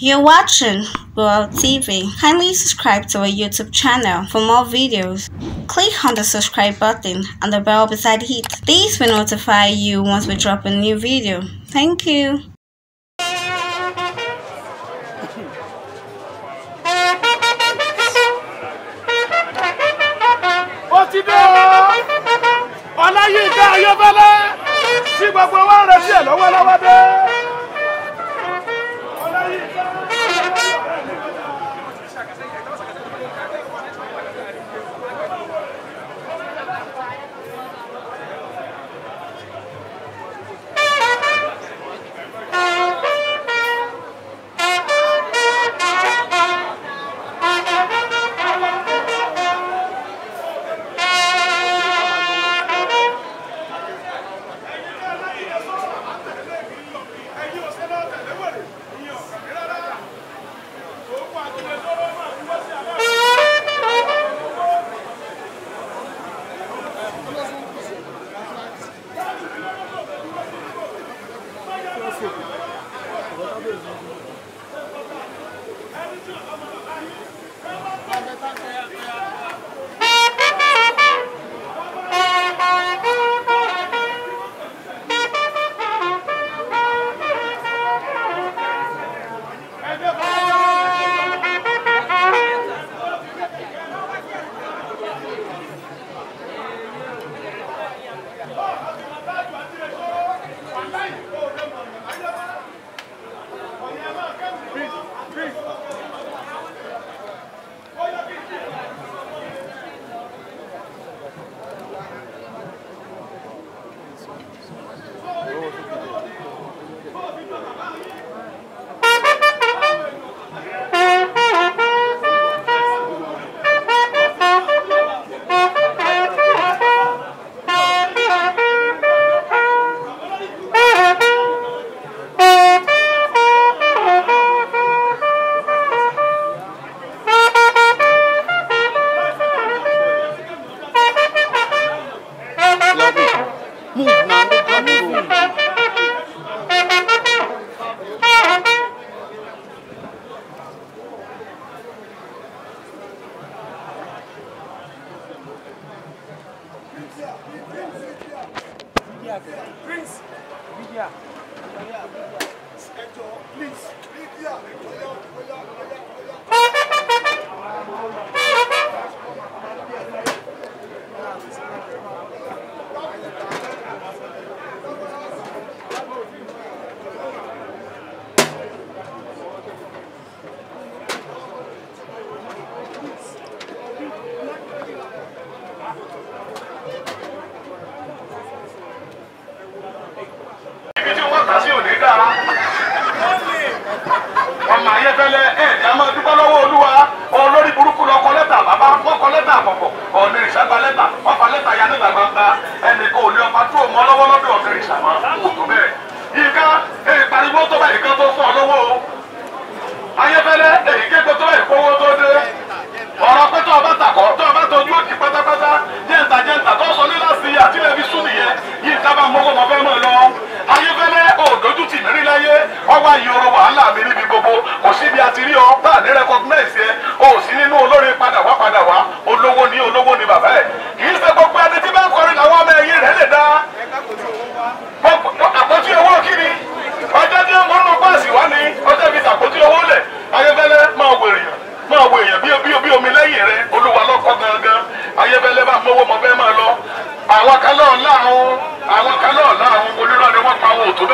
You're watching World TV. Kindly subscribe to our YouTube channel for more videos. Click on the subscribe button and the bell beside it. This will notify you once we drop a new video. Thank you. ọláyínká ayọ̀bọ́lá tí gbogbo wa ń retí ẹ̀ lọ́wọ́lọ́wọ́ dé. ní làbàbà ẹnì kan ò ní ọba tó mọ lọ́wọ́ lọ́dọ̀ ọ̀fẹ́ ìṣàmọ́ òtò bẹ́ẹ̀ nǹkan ìpariwo tó bá nǹkan tó fún ọ lọ́wọ́ o ayẹfẹlẹ èyí kéko tó bá ìkówó tó dé ọ̀rọ̀ pé tó ọba tàkọ́ tó ọba tó yóò di pátápátá jẹ́ǹtà jẹ́ǹtà tó sọ ní láti àtìlẹ́bí sún nìyẹn yìí dábà mọ́kọ́ mọ́ fẹ́ mọ́ lọ ayẹfẹlẹ òdòjú ti nírí láyé ọwọ́ ìyọrọ wàhálà mi níbi gbogbo kò síbi àti rí ọ bá ní rẹkọgínẹ́sì ẹ o sì nínú olórin padà wá padà wá olówó ní olówó ní bàbá ẹ àwọn kan náà láàrún àwọn kan náà láàrún onírọ̀ ni pa owó tó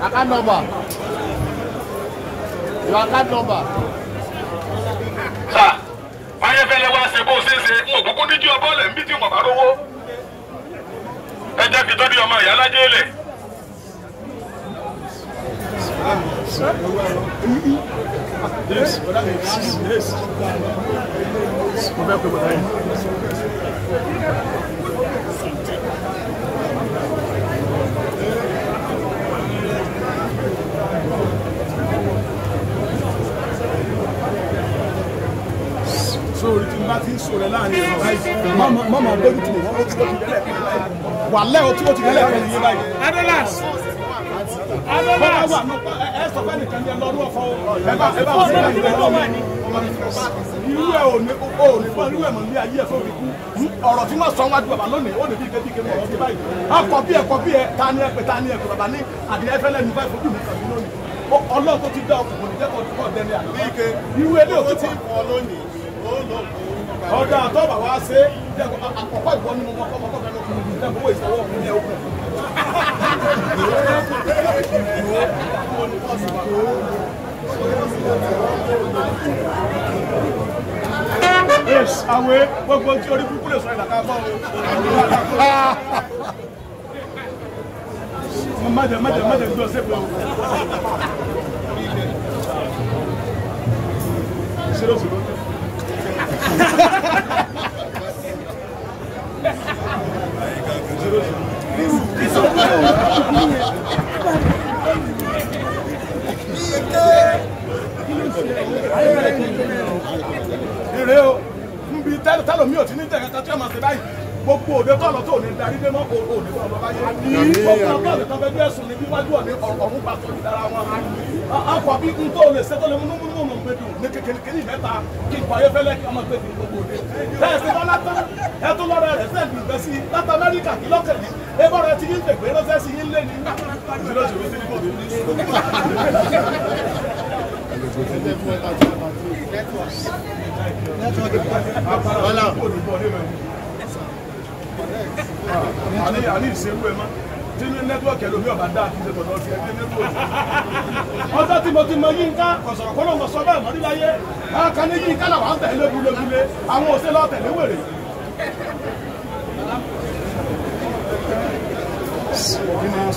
Account number. Your account number. Sir, wáyé fẹ́lẹ́ wá ṣe bó ṣe ṣe ń òkúkú níjú ọbọ̀ lẹ̀ ń bí tí màmá rówó. Ẹ jẹ́ fi tọ́jú ọmọ ìyá lájẹ́ lè. Yes. àsìkò rẹ̀ láàrin ìrọ̀ mọ́mọ́ bójú tì mí wọ́n ti bójú lẹ́lẹ̀ wà lẹ́ tí o ti lẹ́lẹ̀ fẹ́ yín báyìí. adolas adolas ẹ fẹ́ nìkan yẹn lọ́rùn irú ẹ ò ní o ò ní fún irú ẹ mọ̀ ní ayé ẹ̀ fún mi kú ọ̀rọ̀ tí wọ́n sọ wájú bàbá lónìí ó lè bí ìgbẹ́ bí ìgbẹ́ mọ̀ báyìí. akọ bí ẹ kọ bí ẹ ta ni ẹ pè ta ni ẹ pè bàbá ní àdìyẹ fẹ́lẹ́ nípa ìfojú mi kàbí lónìí ọlọ́run tó ti dá ọkùnrin jẹ́ kọ́ dẹ́ni àgbẹ̀ ike irú ẹlẹ́yìn tó ti ń lónìí ó lò ó ọ̀dà àtọ́bà wá ṣe àkọ́kọ́ ìwọ ni mo mọ ọkọ̀ ọkọ̀ mẹ́lọ́kùn mi nígbà owó ìsanwó ọkùnrin ẹ̀ òkun. Àwẹ̀ gbogbo tí orí kúkú lè sọ ìlànà àbọ̀ o. Mọ̀mọ́dé mọ̀dé mọ̀dé gbọ́ sẹ́pẹ̀ o. o ló sọ̀rọ̀? rèé o níbi tẹ́lẹ̀ tẹ́lẹ̀ mi ò ti ní tẹ̀kẹ́ta tí wọ́n máa ṣe báyìí gbogbo òde tó lọ tó ní darí dé mọ́ òde òde tó lọ báyé gbogbo ọgbọ́n mi tọ́pẹ́ bí ẹ̀sùn ní wíwájú ọ̀dẹ ọ̀run pa sọ́ni dára wọn. akọ bí n tó lè ṣètò lè mú mú mú mú gbé dùn ní kékeré kékeré mẹ́ta kí n pààyè fẹ́lẹ́ kí ọmọ gbé dùn gbogbo òde. bẹ́ẹ̀ ṣe bá látọ́ ẹ tó lọ́rọ̀ rẹ̀ fẹ́ẹ̀ dùn bẹ́sí látọ̀ amẹ́ríkà kí lọ́kẹ̀lì ẹ bọ́ rẹ ti yín lè gbé rọ́ṣẹ́ sí yín lé ní. Voilà àní ìṣerú ẹ mọ́ tí ní nẹ́tíwọ̀kì ẹlòmí ọ̀bá dáa kí n tọ̀dọ̀ fi ẹgbẹ́ nẹ́tíwọ̀kì. ọjọ́ tí mo ti mọ yínká kọ̀sọ̀rọ̀ kọ́ ló sọ bẹ́ẹ̀ mọ́ níláyé káàkà ní yínká làwọn à tẹ̀lé gúlégúlé àwọn òṣèlú ọ̀tẹ̀lé wèrè. òbí máa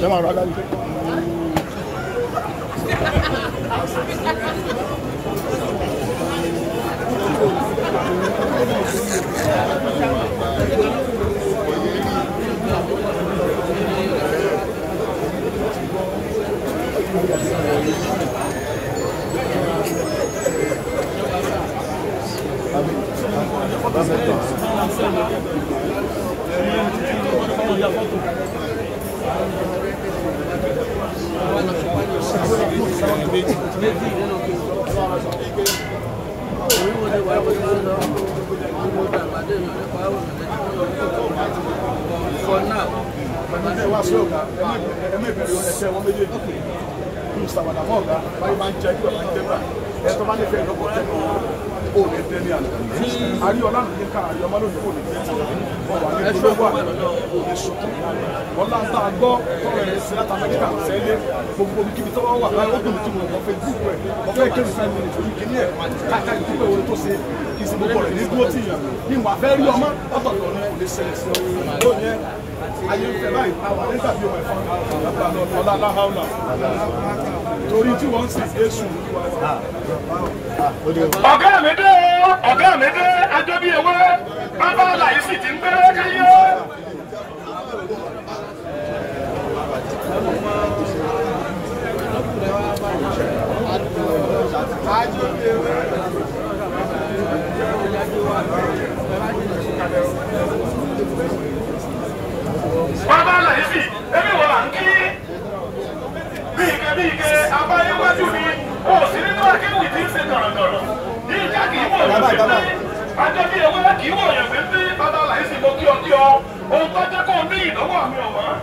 ṣe máa rọ agbárí. Thank you. sí ọ̀gá ẹ má ìbẹ̀rù ẹsẹ̀ wọn méjèèjì kí n sàwádà mọ́ ọ̀gá báyìí máa ń jẹ́ kí ọ̀gá ń jẹ́ gbà ẹ tó bá nífẹ̀ẹ́ lọ́kọ̀ ẹ̀ kọ́ ó lè dé ní àná àrí ọlọ́run ní ká àrí ọmọ lónìí kò lè dé wọn a gbọ́ tọrọ ẹ̀ sí láti amẹ́ríkà sẹ́lẹ̀ gbogbo kíbi tó bá wà láyé ó dùn tí mo kọ́ fẹ́ dúpọ̀ ẹ̀ ọ̀fẹ́ kéwì fẹ́ mi nìtorí kíní ẹ̀ káàká ìdúpẹ́ wo tó ṣe kì í ṣe gbogbo rẹ̀ ní dúró tì yàn ní wà fẹ́ rí ọmọ ọ̀tọ̀ọ̀tọ̀ ni kò sí ọ ayé ń fẹ́ láì nígbà tí wọ́n fọ́n ọ̀la láháùlà torí tí wọ́n sì Jésù. Ah, ah, ah, ọ̀gá mi dé ọ̀gá mi dé adébí ewé bàbá làyè sì ti ń gbé káyé. Thank you.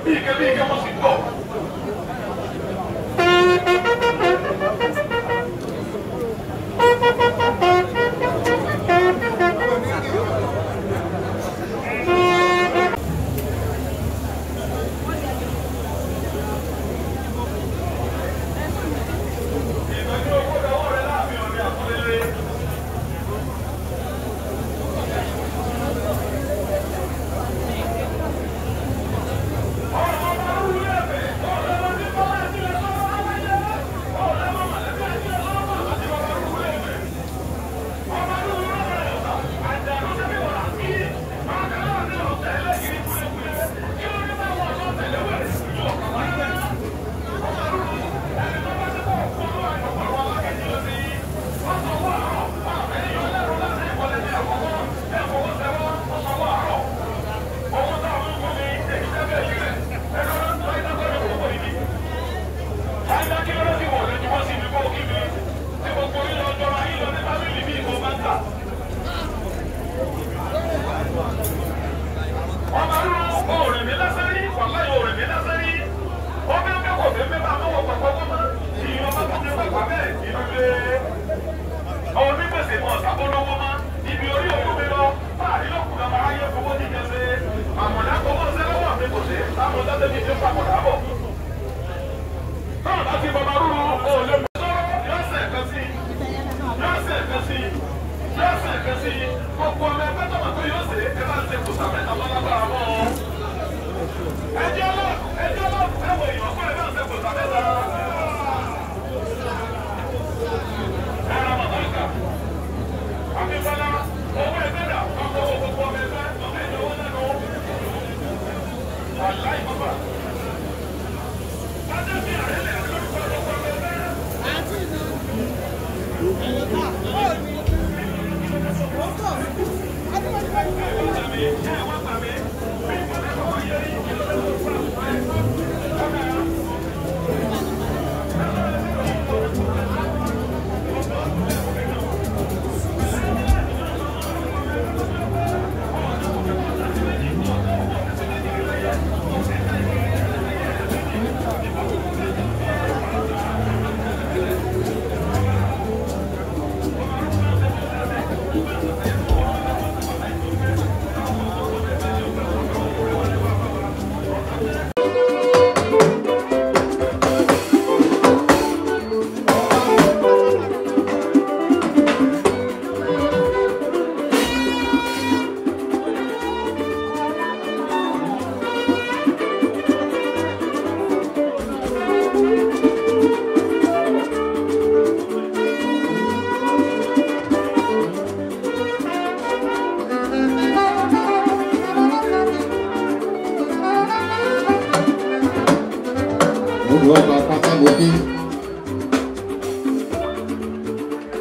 Fica, fica,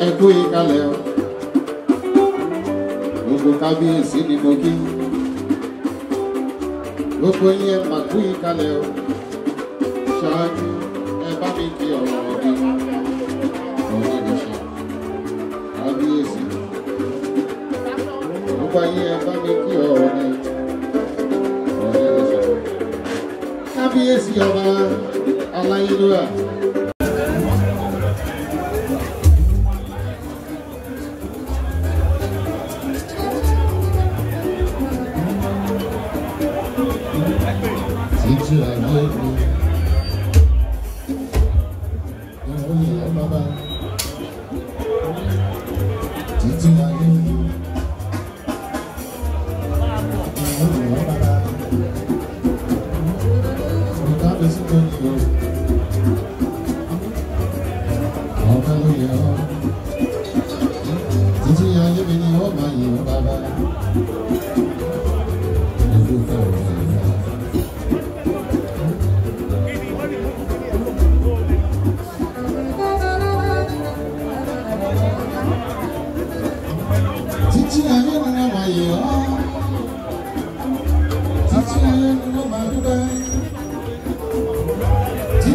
ẹ̀kú ìkàlẹ̀ o gbogbo kábíyèsí ni mo kí gbogbo yín ẹ̀ máa kú ìkàlẹ̀ o ṣáájú ẹ bá mi kí ọ̀rọ̀ ọ̀gbìn ọ̀rọ̀ ìdẹ̀ṣẹ̀ kábíyèsí gbogbo yín ẹ bá mi kí ọ̀rọ̀ ọ̀gbìn kábíyèsí ọba aláyélúwà.